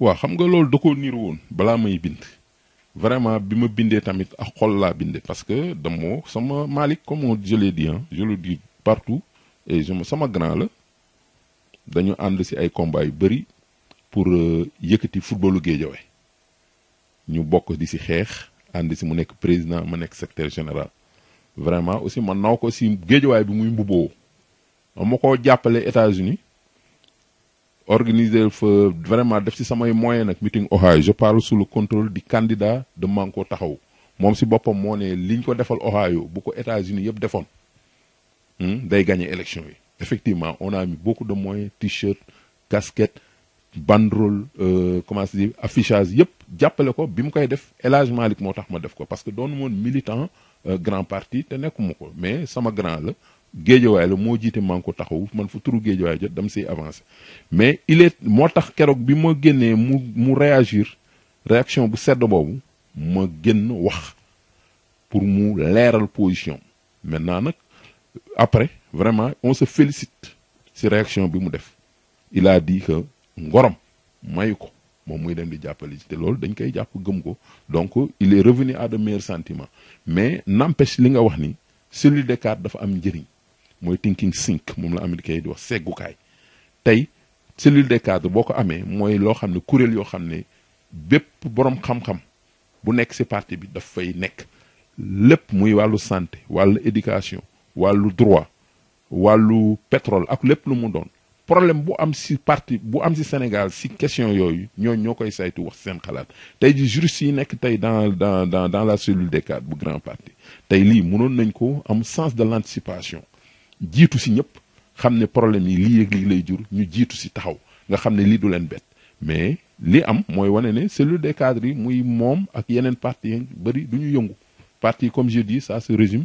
wa xam nga loolu da que niir vraiment bi ma tamit ak xol laa binde parce que sama malik comme je l'ai dit hein, je le dis partout et je me sama grand la dañu ànd ci ay combats yu bëri pour euh, yëkkati footballu ñu bokk di ci mu président secrétaire général vraiment aussi man ko muy ma États-Unis organiser vraiment def ci samay moyen nak meeting Ohio je parle sous le contrôle du candidat de Manko taxaw mom si bopam mo ne liñ ko defal Ohio bu ko États-Unis defone hmm day gagner élection yi effectivement on a mis beaucoup de moyens t-shirt casquette banderole euh, comment se dit affichage yeb jàppale ko bi koy def elage malik motax ma def ko parce que le monde militant euh, grand parti te mais sama grand le géejawaay la mo jité maa ngi ko taxawu man fu turu géejawaay jot dam sey avancer mais il est motax kérok bi mo génnee mu mu réagir réaction bu sedd bobu mo génn wax pour mu léral position maintenant nak après vraiment on se félicite si réaction bi mu def il a dit que ngorom mayuko ko muy dem di jàppale ci dañ koy ko donc il est revenu à de meilleurs sentiments mais n'empêche li nga wax ni celui de carte dafa am njëriñ moy thinking sink mom la américain yi di wax kay tay cellule des cadres boko amé moy lo xamné xam ne xamné bép ne borom xam-xam bu nek ci parti bi da fay nek lepp muy walu santé wàllu éducation walu droit walu pétrole ak lepp lu mu don problème bu am ci parti bu am ci Sénégal ci question yoyu, ñoo koy saytu wax seen xalaat tay ji juriste yi nek tay dans dans dans dans la cellule des cadres bu grand parti tay li, mënon nañ ko am sens de l'anticipation jiitu ci ñep xamné problème yi li ak lii lay jur ñu jiitu ci taxaw nga xamné li du len bett mais li am moy wane né cellule des cadres yi muy mom ak yenen parti yi bari duñu yëngu parti comme je dis ça se résume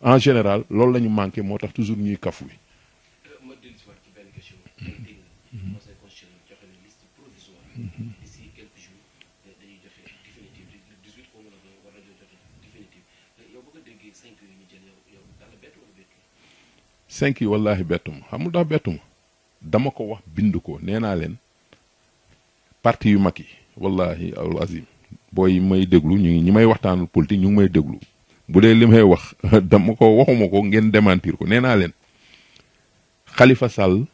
en général loolu lañu ñu manqué moo tax toujours ñuy kafu wi mm-hmm. mm-hmm. mm-hmm. euh, euh, cinq yi wallaahi bettuma xamul tax bettuma dama ko wax bind ko nee naa leen parti yu mag yi wallaahi al azim booy may déglu ñu ñu may waxtaanul politique ñu may déglu bu limay wax dama ko waxumako ngén démentir ko néna naa Khalifa Sall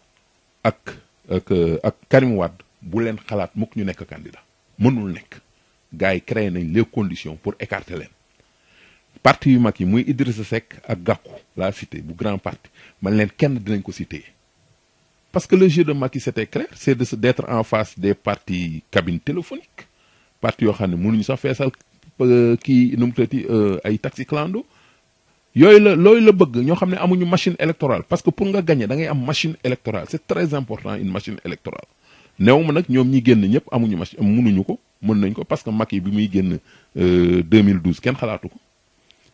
ak ak ak Karim wad bu leen xalat mukk ñu nekk candidat mënul nekk gars créé nañ les conditions pour écarter leen parti yu mag yi muy Idrissa Seck ak Gakou la cité bu grand parti man leen kenn dinañ ko cité parce que le jeu de Macky c'était clair c'est d'être en face des partis cabines téléphoniques parti yo xam ne mënuñu sax fessal Euh, kii nu mu tuddati euh, ay taxi clando yooyu la looyu la bëgg ñoo xam ne amuñu machine électorale parce que pour nga gagner dangay am machine électorale c'est très important une machine électorale néew ma nag ñoom ñi génn ñëpp amuñu machine munuñu ko mën nañ ko parce que yi bi muy génn 2012 euh, kenn xalaatu ko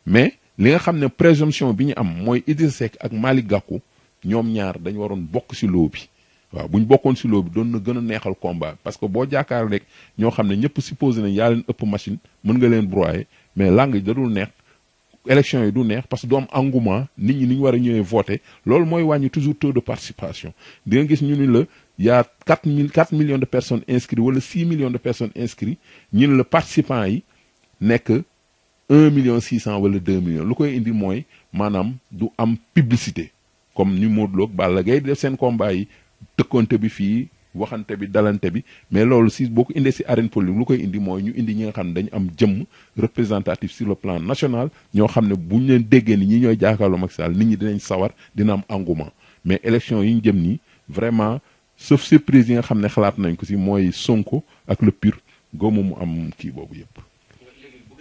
mais li nga xam ne présomption bi ñu am mooy Idrissa Seck ak maali Gakou ñoom ñaar dañu waroon bokk ci loo bi waaw buñ ñu bokkoon si loo doon na gën a neexal combat parce que boo jàkkaar rek ñoo xam ne ñëpp supposé nañ yaa leen ëpp machine mën nga leen broyer mais langue yi da dul neex élection yi du neex parce que du am engouement nit ñi ni ñu war a ñëwee voté loolu mooy wàññi toujours taux de participation di nga gis ñu ni la y'a quatre mille quatre millions de personnes inscrits wala six millions de personnes inscrits ñu ne la participants yi nekk un million six cent wala deux millions lu koy indi mooy maanaam du am publicité comme ñu Modou Lo Balla Gaye def seen combat yi tëkkonte bi fii waxante bi dalante bi mais loolu si boo ko indee si arène politique lu koy indi mooy ñu indi ñi nga xam ne dañu am jëmm représentatif sur le plan national ñoo xam ne bu ñu leen déggee ni ñi ñooy jàkkaarloo Macky Sall nit ñi dinañ sawar dina am engouement mais élection yi ñu jëm nii vraiment sauf surprise yi nga xam ne xalaat nañ ko si mooy Sonko ak le pur góomu mu am kii boobu yëpp. léegi bëgg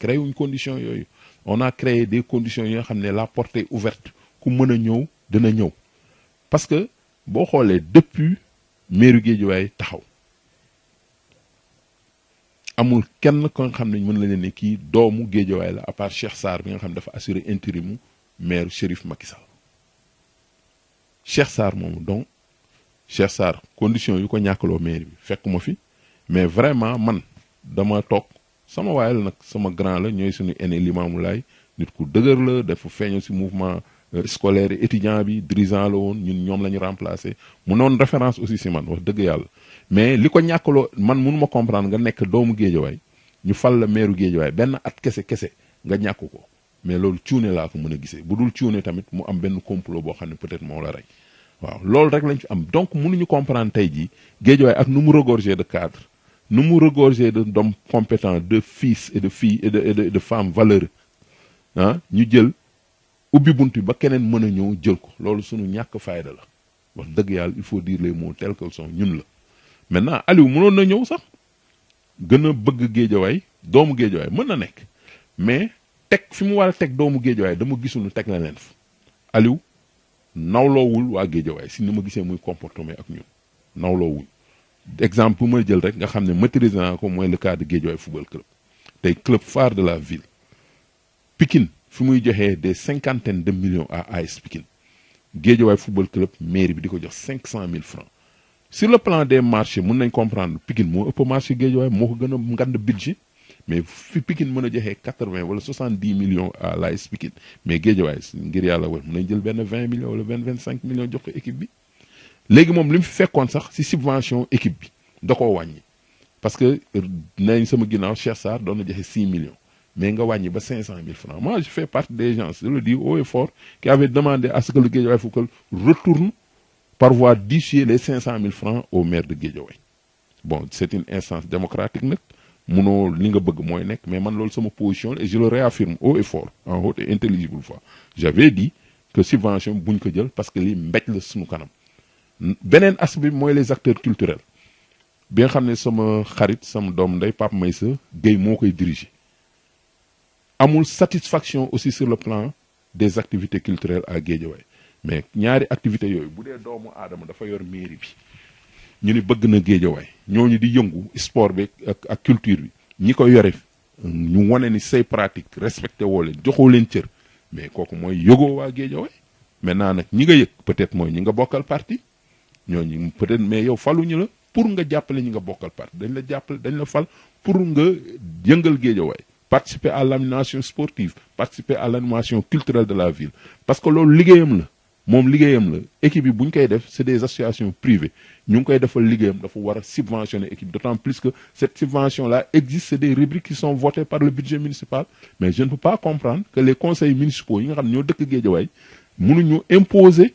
créé une condition yooyu on a créé des conditions yi nga xam la porte est ouverte ku mën a ñëw dina ñëw parce que boo xoolee depuis mairie Guédiawaye taxaw amul kenn ko nga xam ne mën na leen ne kii doomu Guédiawaye la à part Cheikh sar bi nga xam dafa assurer intérim maire cherif Macky Sall Cheikh sar mom donc Cheikh sar condition yu ko ñàkkaloo maire bi fekk fi mais vraiment man dama tok sama waay la nag sama grand la ñooy suñu aîné Limaamu Laay nit ku dëgër la dafa feeñu si mouvement euh, scolaire étudiant bi dirigeant la woon ñun ñoom la ñu mu noonu référence aussi si man wax dëgg yàlla mais li ko ñàkkaloo man mënu ma comprendre nga nekk doomu géejawaay ñu fal la meeru géejawaay benn at kese kese nga ñàkk ko mais loolu cuune laa ko mën a gisee bu dul cuune tamit mu am benn complot boo xam ne peut-être moo la rey waaw loolu rek lañ fi am donc mënuñu comprendre tey jii géejawaay ak nu mu de cadre nous nous regorger d'hommes compétents, de fils et de filles et de, et de, et de femmes valeureux. Hein? Ah, ñu jël ubbi bunt bi ba keneen mën a ñëw jël ko loolu suñu ñàkk fayda la wax dëgg yàlla il faut dire les mots tels qu'ils sont ñun la maintenant Aliou mënoon na ñëw sax gën a bëgg géejawaay doomu géejawaay mën na nekk mais teg fi mu war a teg doomu géejawaay dama gisul ne teg na leen fa Aliou nawloowul waa géejawaay si ni ma gisee muy comportement ak ñun nawloowuñ exemple pour moi vous que je maîtrise encore le cas de Guédioï Football Club. C'est club phare de la ville. Pikin, il y a des cinquantaines de millions à AS Pikin. Guédioï Football Club mérite 500 000 francs. Sur le plan des marchés, on peut comprendre Pikin, il y a un marché Guédioï, il a un budget. Mais Pikin, il a 80 ou 70 millions à l'AS Pikin. Mais Guédioï, il y a 20 millions ou 25 millions d'équipes léegi mom lim fi fekkone sax la subvention équipe bi dako koo parce que nañ sama ginnaw Cheikh Sarr doon na 6 millions mais nga wàññi ba 500 000 francs moi je fais partie des gens je le dis haut et fort qui avaient demandé à ce que le Guédiawaye retourne par voie d'issuer les 500 000 francs au maire de Guédiawaye bon c'est une instance démocratique nag mënoo li nga bëgg moy nek mais man lool sama position et je le réaffirme haut et fort en haute et intelligible voix j'avais dit que subvention buñ ko jël parce que li mbéj le sunu kanam benen as moy les acteurs culturels bi nga xam sama xarit sama dom ndey pap Maïssa Guèye mokay diriger amul satisfaction aussi sur le plan des activités culturelles à Guédiawaye mais ñaari activité yooyu boudé dee doomu aadama dafa yor mairie bi ñu ni bëgg na Guédiawaye ñooñu di yëngu sport bi ak ak culture bi ñi ko yoré ñu woné ni say pratique respecté woo leen joxoo leen cër mais kooku moy yogo wa Guédiawaye maintenant nak ñi nga yëg peut-être moy ñi nga bokkal parti peut être mais yow ñu la pour nga jàppale ñi nga bokkal parti dañ la jàppale dañ la fal pour nga yëngal participer à l'animation sportive participer à l'animation culturelle de la ville parce que loolu liggéeyam la moom liggéeyam la équipe bi buñ koy def c'est des associations privées ñu ngi koy defal liggéeyam dafa war a subventionner équipe d'autant plus que cette subvention là existe c'est des rubriques qui sont votées par le budget municipal mais je ne peux pas comprendre que les conseils municipaux yi nga xam ne ñoo dëkk géejawaay mënuñu imposer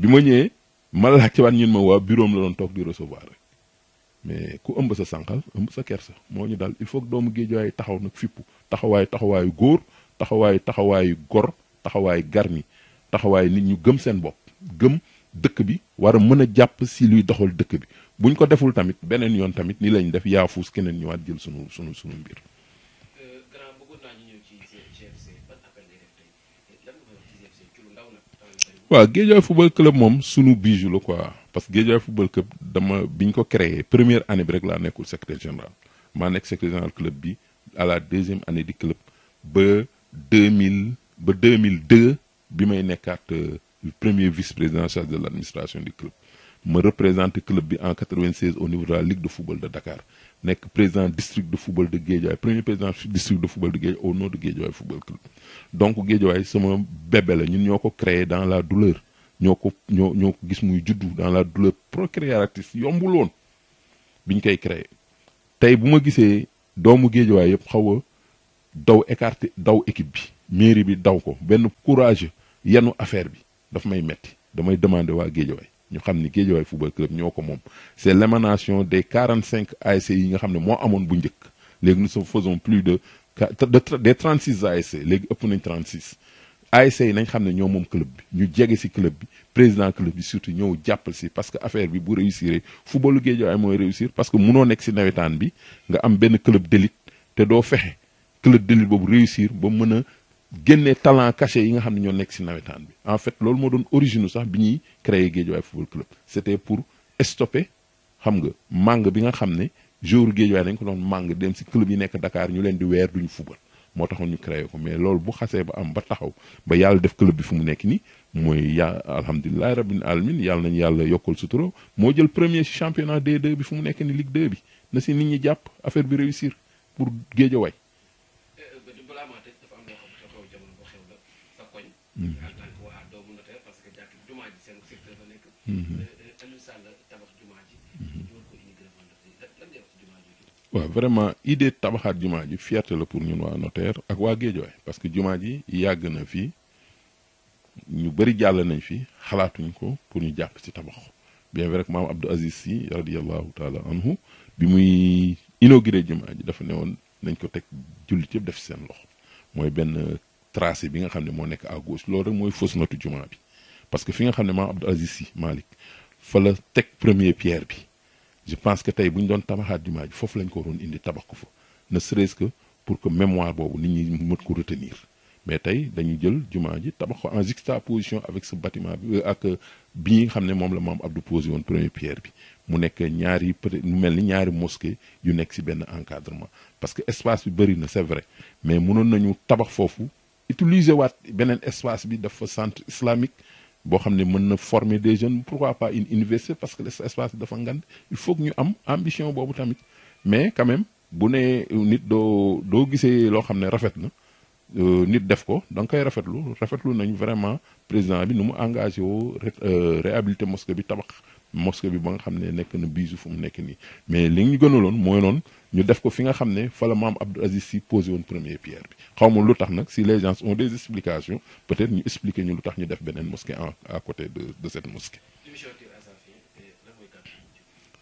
bi ma ñëwee ma laaj ci waat ñun ma waa bureau la doon toog di recevoir rek mais ku ëmb sa sànqal ëmb sa kersa moo ñu daal il faut que doomu géejuwaay taxaw nag fippu taxawaayu taxawaayu góor taxawaayu taxawaayu gor taxawaayu garmi taxawaayu nit ñu gëm seen bopp gëm dëkk bi wara mën a jàpp si luy doxal dëkk bi buñ ko deful tamit beneen yoon tamit ni lañ def yaafuus keneen ñëwaat jël sunu sunu sunu mbir. waaw le football club bijou quoi parce que le football club dama la première année bi secrétaire général suis suis secrétaire général club à la deuxième année du club en 2002, je ba euh, le premier vice président de l'administration du club représente représenté club bi en 96 au niveau de la Ligue de football de Dakar Nek président district de football de Guédiawaye premier président district de football de Guédiawaye au nom de Guédiawaye football club donc c'est sama bébé la ñun ñoo créé dans la douleur Nous ko ñoo ñoo dans la douleur procréatrice yombuloon bi ñu koy créé tey bu ma gisee doomu Guédiawaye yëpp pas daw écarté daw équipe bi mairie bi daw ko ben courage yanu affaire bi daf may metti damay demander wa Guédiawaye c'est l'émanation football club des 45 ASC yi nga ne nous faisons plus de des 36 ASC légui ëpp 36 ASC nañ club bi ñu sommes club bi président club bi surtout parce que affaire bi bu réussir réussir parce que nous nek ci bi nga club club réussir génne talent caché yi nga xam ne ñoo nekk si nawetaan bi en fait loolu moo doon origine sax bi ñuy créé Guédiawaye football club c' était pour stopper xam nga màng bi nga xam ne jour Guédiawaye nañ ko doon màng dem si club yi nekk Dakar ñu leen di weer duñu football moo taxoon ñu créé ko mais loolu bu xasee ba am ba taxaw ba yàlla def club bi fu mu nekk nii mooy ya alhamdulilah rabbil alamin yàlla nañu yàlla yokkal sutura moo jël premier si d bi fu mu nekk ni Ligue bi na si nit ñi jàpp affaire bi réussir pour Guédiawaye waaw vraiment idée tabaxaat jumaa ji fierté la pour ñun waa notaire ak waa Géejawaay parce que jumaa ji yàgg na fii ñu bëri jàll nañ fi xalaatuñ ko pour ñu jàpp ci tabax bien vrai que maam Abdou Aziz si radiallahu taala anhu bi muy inauguré jumaa ji dafa ne woon nañ ko teg jullit yëpp def seen loxo mooy benn tracé bi nga xamné mo nek à gauche lool rek moy fausse note djuma bi parce que fi nga xamné ma maam Abdou Aziz fa la tek premier pierre bi je pense que tay buñ doon tabaxaat djuma ji foofu lañ ko won indi tabax ko fa ne serait-ce que pour que mémoire bobu nit ñi mën ko retenir mais tay dañu jël djuma ji tabax ko en juxtaposition avec ce bâtiment bi euh, ak euh, bi nga xamné mom la maam Abdou posé won premier pierre bi mu nek ñaari peut mu mel ñaari mosquée yu nek ci ben encadrement parce que espace bi bari na c'est vrai mais mënon nañu tabax fofu utiliser waat beneen espace bi dafa centre islamique bo xamné mën na former des jeunes pourquoi pas une université parce que l'espace dafa ngand il faut que ñu am ambition bobu tamit mais quand même bu né nit do do gisee lo xamné ne rafet na euh, nit def ko dang kay rafetlu rafetlu nañ vraiment président bi nu mu engagé woo euh, réhabiliter mosquée bi tabakh mosquée bi ba nga xamné ne na bisu fu nek ni mais li ñu gënaloon moy non ñu def ko fi nga xamné fa la maam Abdou Aziz si posé woon première pierre bi xawmu ma lu tax si les gens ont des explications peut-être ñu expliquer ñu lu tax ñu def benen mosquée à côté de de cette mosquée.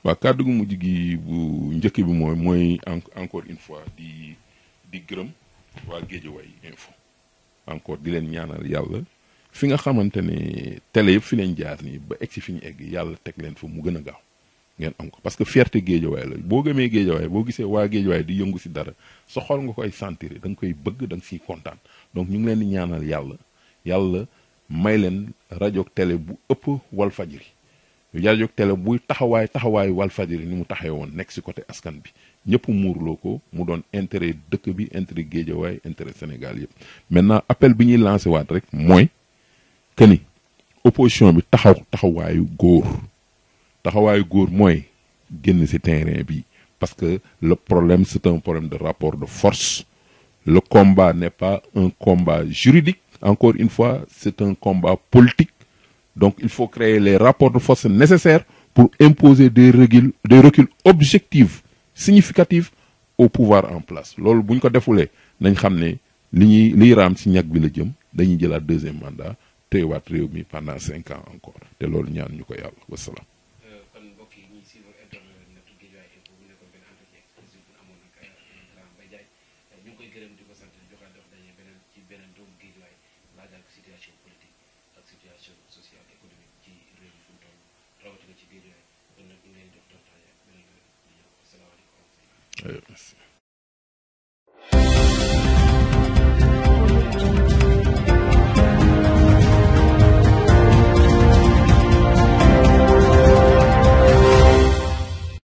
waaw kaddu gu mujj gi bu njëkk bi moy moy encore une fois di di gërëm waa Guédiawaye info encore di leen ñaanal yalla fi nga xamante ni télé yëpp fi leen jaar nii ba egg si fi ñu egg yàlla teg leen fa mu gën a gaaw ngeen am ko parce que fierté géejawaay la boo gëmee géejawaay boo gisee waa géejawaay di yëngu si dara sa xol nga koy sentir danga koy bëgg danga nga siy kontaan donc ñu ngi leen di ñaanal yàlla yàlla may leen rajo télé bu ëpp wal fajiri rajo tele buy taxawaay taxawaayu wal fajiri ni mu taxee woon nekk si côté askan bi ñëpp muurloo ko mu doon intérêt dëkk bi intérêt géejawaay intérêt Sénégal yëpp maintenant appel bi ñuy lancé waat rek mooy. que ni opposition bi taxaw taxawaayu góor taxawaayu góor mooy génn ci terrain bi parce que le problème c'est un problème de rapport de force le combat n'est pas un combat juridique encore une fois c'est un combat politique donc il faut créer les rapports de force nécessaires pour imposer des reculs des reculs objectifs significatifs au pouvoir en place loolu bu ñu ko defulee nañ xam ne li ñuy ci ñag bi la jëm dañuy deuxième mandat téyewaat réew mi pendant cinq ans encore te loolu ñaan ñu ko yàlla wasalaam. Euh, euh, merci